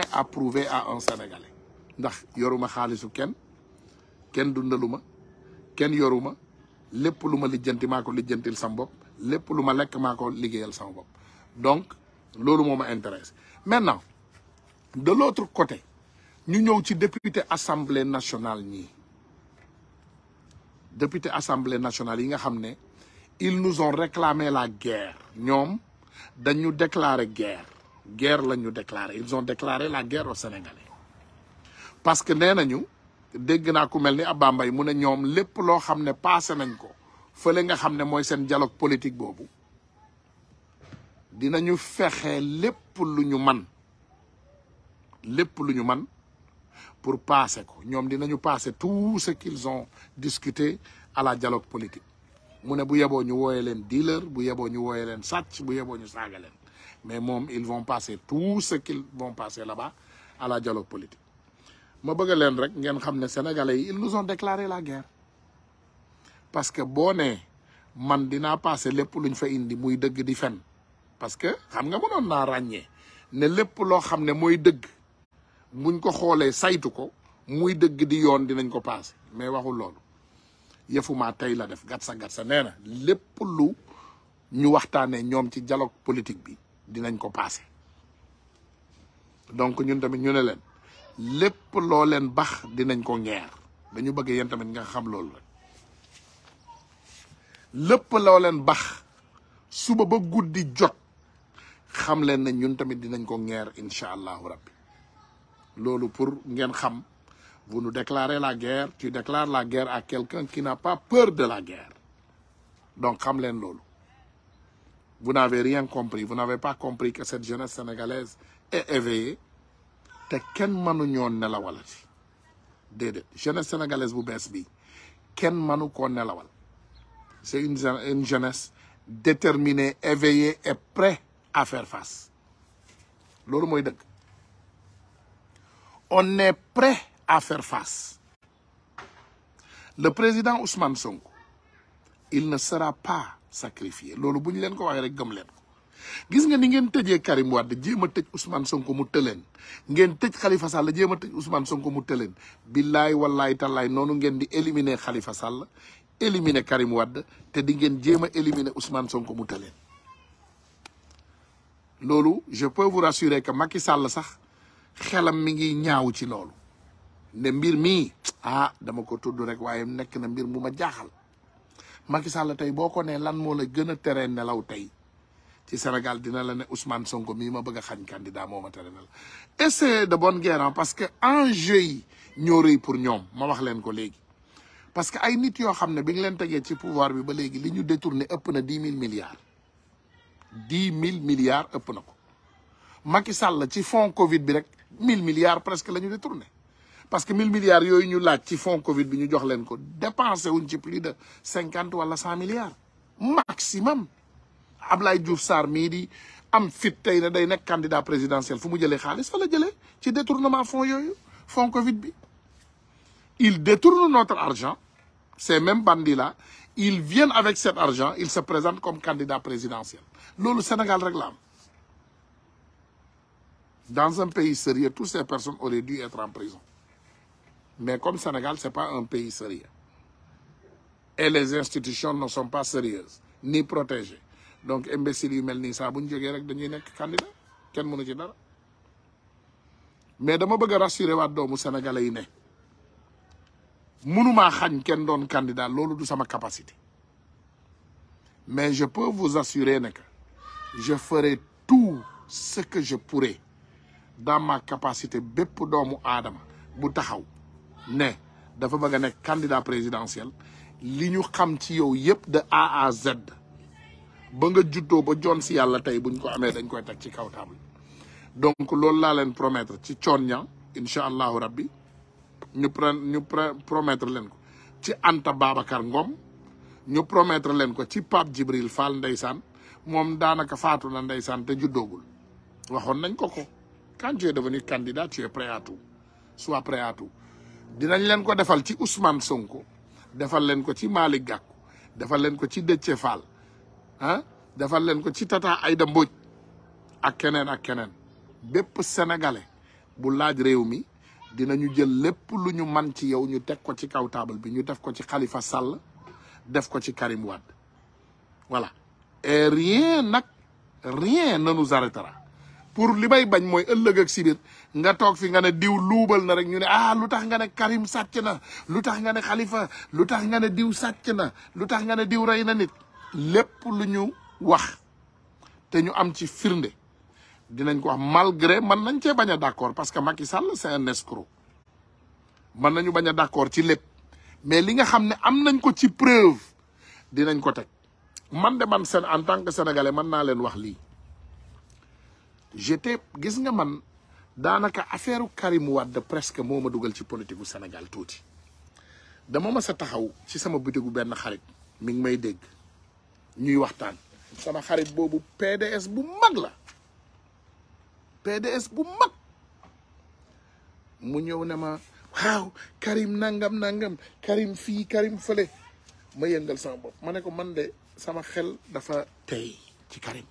rien à prouver à un Sénégalais ndax yoruma xaalisu kenn kenn dundaluma kenn yoruma lépp lu ma lijjanti maa lijjantil sama bopp lépp lu ma lekk maa liggéeyal sama bopp donc loolu moo ma intéresse maintenant de l'autre côté ñu ñëw ci député assemblée national ñii député assemblée nationale yi nga xam ne ils nous ont réclamé la guerre ñoom dañu déclarer guerre guerre la ñu déclaré ils ont déclarer la guerre aux Sénégalais parce que nee nañu dégg naa ku mel ni Abba Mbaye mu ne ñoom lépp loo xam ne passé nañ ko fële nga xam ne mooy seen dialogue politique boobu dinañu fexe lépp lu ñu man lépp lu ñu man pour passer ko ñoom dinañu passer tout ce qu'ils ont discuté à la dialogue politique mu ne bu yeboo ñu wooyee leen dealer bu yeboo ñu wooyee leen sàcc bu yeboo ñu saaga leen mais moom ils von passer tout ce qu'ils vont passer là-bas à la dialogue politique ma bëgg leen rek ngeen xam ne sénégalais yi ils nous ont déclaré la guerre parce que boo nee man dinaa passé lépp luñ fa indi muy dëgg di fen parce que xam nga mënoon naa ràññee ne lépp loo xam ne mooy dëgg buñ ko xoolee saytu ko muy dëgg di yoon dinañ ko passé mais waxul loolu yëfumaa tey la def gat sa gat sa nee na lépp lu ñu waxtaanee ñoom ci dialogue politique bi dinañ ko paase donc ñun tamit ñu ne leen lépp loo leen bax dinañ ko ngeer dañu bëgg yéen tamit nga xam loolu rek lépp loo leen bax suba ba guddi jot xam leen ne ñun tamit dinañ ko ngeer incha allahu rabbi loolu pour ngeen xam vous nous déclarez la guerre tu déclares la guerre à quelqu'un qui n'a pas peur de la guerre donc xam leen loolu vous n'avez rien compris vous n'avez pas compris que cette jeunesse sénégalaise est éveillée te kenn mënu ñoo nelawalati déedéet jeunesse sénégalaise bu bees bi kenn mënu koo nelawal c'est une une jeunesse déterminée éveillée et prêt à faire face loolu mooy dëgg on est prêt à faire face le président Ousmane Sonko il ne sera pas sacrifié loolu bu ñu leen ko waxee rek gëm leen ko gis nga ni ngeen tëjee Karim Wade jéem a tëj Ousmane Sonko mu tëleen ngeen tëj xalifa Sall jéem a tëj Ousmane Sonko mu tëleen billaay wallaay tallaay noonu ngeen di éliminer Khalifa Sall éliminer Karim Wade te di ngeen jéem a éliminer Ousmane Sonko mu tëleen loolu je peux vous rassurer que Macky Sall sax xelam mi ngi ñaaw ci loolu ne mbir mi ah dama ko tudd rek waaye nekk na mbir mu ma jaaxal Macky Sall tey boo ko nee lan moo la gën a tere nelaw tey ci Sénégal dina la ne Ousmane Sonko mii ma bëgg a xañ candidat moo ma tere nelaw et c'est de bonne guerre parce que enjeu yi ñoo rëy pour ñoom ma wax leen ko léegi. parce que ay nit yoo xam ne bi ñu leen tegee ci pouvoir bi ba léegi li ñu détourné ëpp na dix mille milliards dix mille milliards ëpp na ko Macky Sall ci fonds Covid bi rek mille milliards presque la ñu détourné. parce que 1000 milliards yooyu ñu laaj ci fonds Covid bi ñu jox leen ko dépense wuñ ci plus de wala cent milliards maximum Ablaye Diouf Sarr mii di am fit tey ne dey nekk candidat présidentiel fu mu jëlee xaalis fa la jëlee ci détournement fonds yooyu fonds Covid bi il détourne notre argent ces mêmes bandits la ils viennent avec cet argent ils se présente comme candidat présidentiel loolu Sénégal rek la am dans un pays sérieux toutes ces personnes auraient dû être en Mais comme Sénégal, ce n'est pas un pays sérieux. Et les institutions ne sont pas sérieuses, ni protégées. Donc, imbécile yu mel nii saa bu ñu jógee rek dañuy nekk candidat kenn mënu ci dara mais dama bëgg a rassurer waat doomu sénégalais yi ne mënumaa xañ kenn doon candidat loolu du sama capacité mais je peux vous assurer ne je ferai tout ce que je pourrai dans ma capacité bépp doomu aadama bu taxaw ne dafa bëgg a nekk candidat présidentiel li ñu xam ci yow yëpp de A à Z ba nga juddoo ba joon si yàlla tey buñ ko amee dañ koy teg ci kaw table donc loolu laa leen promettre ci coon ña incha allahu rabbi ñu pre ñu promettre leen ko ci Anta Babacar Ngom ñu promettre leen ko ci Pape Djibril Fall ndeysaan moom daanaka faatu na ndeysaan te juddoogul waxoon nañ ko ko quand tu es devenu candidat tu es prêt tout sois prêt tout dinañ leen ko defal ci Ousmane Sonko defal leen ko ci Malick Gakou defal leen ko ci Déthié Fall ah defal leen ko ci Tata Aïda Mbodj ak keneen ak keneen bépp sénégalais bu laaj réew mi dinañu jël lépp lu ñu man ci yow ñu teg ko ci kaw taabal bi ñu def ko ci Khalifa Sall def ko ci Karim Wade voilà e rien nag rien ne nous arrêtera pour li may bañ mooy ëllëg ak nga toog fi nga ne diw luubal na rek ñu ne ah lu tax nga ne Karim sàcc na lu tax nga ne Khalifa lu tax nga ne diw sàcc na lu tax nga ne diw rey na nit lépp lu ñu wax te ñu am ci firnde dinañ ko wax malgré mën nañ cee bañ a d'accord parce que Macky Sall c'est un escroc mën nañu bañ a d'accord ci lépp mais li nga xam ne am nañ ko ci preuve dinañ ko teg man de man seen en tant que sénégalais mën naa leen wax lii j'étais gis nga man daanaka affaire Karim Wade presque moo ma dugal ci politique gu Sénégal tuuti dama mas a taxaw ci sama bitigu benn xarit mi ngi may dégg ñuy waxtaan. sama xarit boobu PDS bu mag la PDS bu mag mu ñëw ne ma waaw Karim nangam nangam Karim fii Karim fële ma yëngal sama bopp ma ne ko man de sama xel dafa tey ci Karim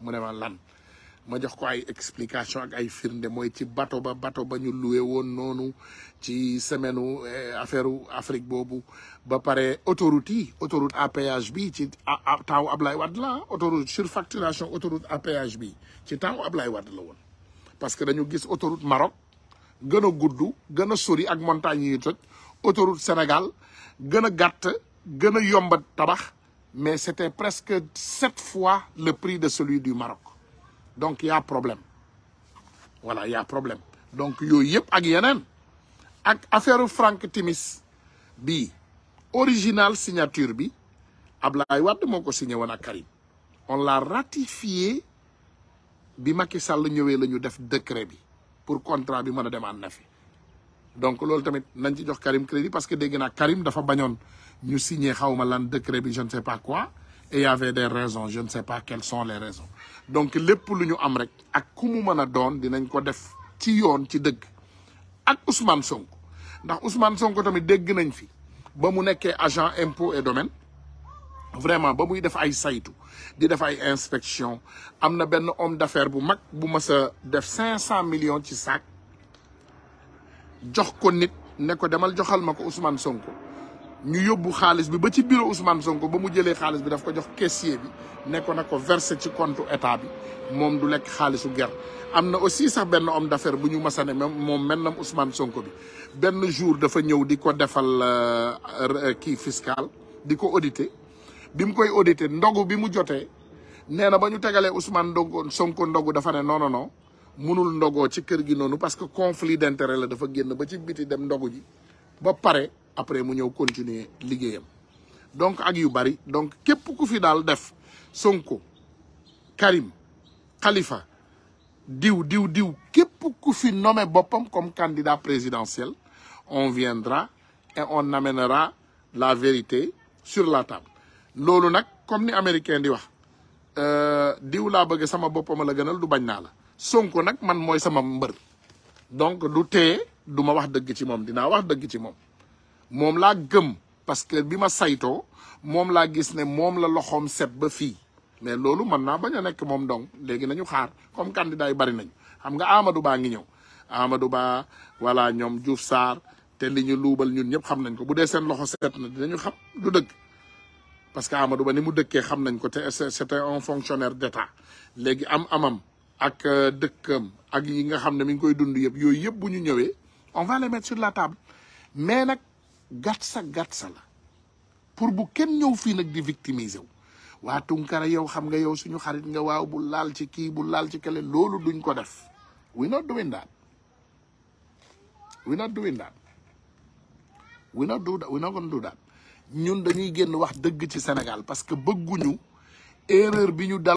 mu ne ma lan. ma jox ko ay explication ak ay firnde mooy ci bato ba bato ba ñu loué woon noonu ci semaine eh, affaire Afrique boobu ba pare autoroute yi autoroute à péage bi ci taaw Ablaye Wade la autoroute surfacturation autoroute à péage bi ci taaw Ablaye Wade la woon parce que dañu gis autoroute Maroc gën a gudd gën a sori ak montagne yi toj autoroute Sénégal gën a gàtt gën a yomb tabax mais c'était presque sept fois le prix de celui du Maroc donc y problème voilà y a problème donc yooyu yëpp ak yeneen ak affaire Frank Timis bi original signature bi ab Ablaye Wade moo ko signé woon ak Karim on l'a ratifié bi Macky Sall ñëwee la ñu def décret bi pour contrat bi mën a demaat na fi donc loolu tamit nañ ci jox Karim crédit parce que dégg naa Karim dafa bañoon ñu signé xawma lan décret bi je ne sais pas quoi et y des raisons je ne sais pas quelles sont les raisons donc lépp lu ñu am rek ak ku mu mën a doon dinañ ko def ci yoon ci dëgg ak Ousmane Sonko ndax Ousmane sonku tamit dégg nañ fi ba mu nekkee agent impôt et domaine vraiment ba muy def ay saytu di def ay inspection am na benn homme d'affaires bu mag bu mës a def cinq cent millions ci sac jox ko nit ne ko demal joxal ma ko Ousmane Sonko ñu yóbbu xaalis bi ba ci bureau Ousmane Sonko ba mu jëlee xaalis bi daf ko jox caissier bi ne ko na ko versé ci compte état bi moom du lekk xaalisu ger am na aussi sax benn om d'affaires bu ñu masane moom mel nam Ousmane Sonko benn jour dafa ñëw di ko defal euh, kii fiscal di ko audité bi mu koy audité ndogu bi mu jotee nee na ba ñu tegalee Ousmane ndogu Sonko ndogu dafa ne non non non munul ndogoo ci kër gi noonu parce que conflit d'intérêt la dafa génn ba ci biti dem ndogu ji ba pare après mu ñëw continuer liggéeyam donc ak yu bari donc képp ku fi daal def Sonko Karim Khalifa diw diw diw képp ku fi nommé boppam comme candidat présidentiel on viendra et on amènera la vérité sur la table loolu nag comme ni américain di wax euh, diw laa bëgg sama boppam la gënal du bañ naa la Sonko nag man mooy sama mbër donc du tee du ma wax dëgg ci moom dinaa wax dëgg ci moom moom laa gëm parce que bi ma saytoo moom laa gis ne moom la loxoom set ba fii mais loolu mën naa bañ a nekk moom dong léegi nañu xaar comme candidat yi bari nañ xam nga Amadou baa ngi ñëw Amadou Ba voilà ñoom Diouf Sarr te li ñu luubal ñun ñëpp xam nañ ko bu dee seen loxo set na dinañu xam du dëgg parce que Amadou Ba ni mu dëkkee xam nañ ko te c'était un fonctionnaire d'État léegi am amam ak euh, dëkkam ak yi nga xam ne mi ngi koy dund yëpp yooyu yëpp bu ñu ñëwee on mais nag gàtt sa gàtt sa la pour bu kenn ñëw fii nag di victimiser wu waa Tunkara yow xam nga yow suñu xarit nga waaw bu laal ci kii bu laal ci kale loolu duñ ko def we not doing that we not doing that we not ñun dañuy génn wax dëgg ci senegal parce que bëgguñu erreur bi ñu dal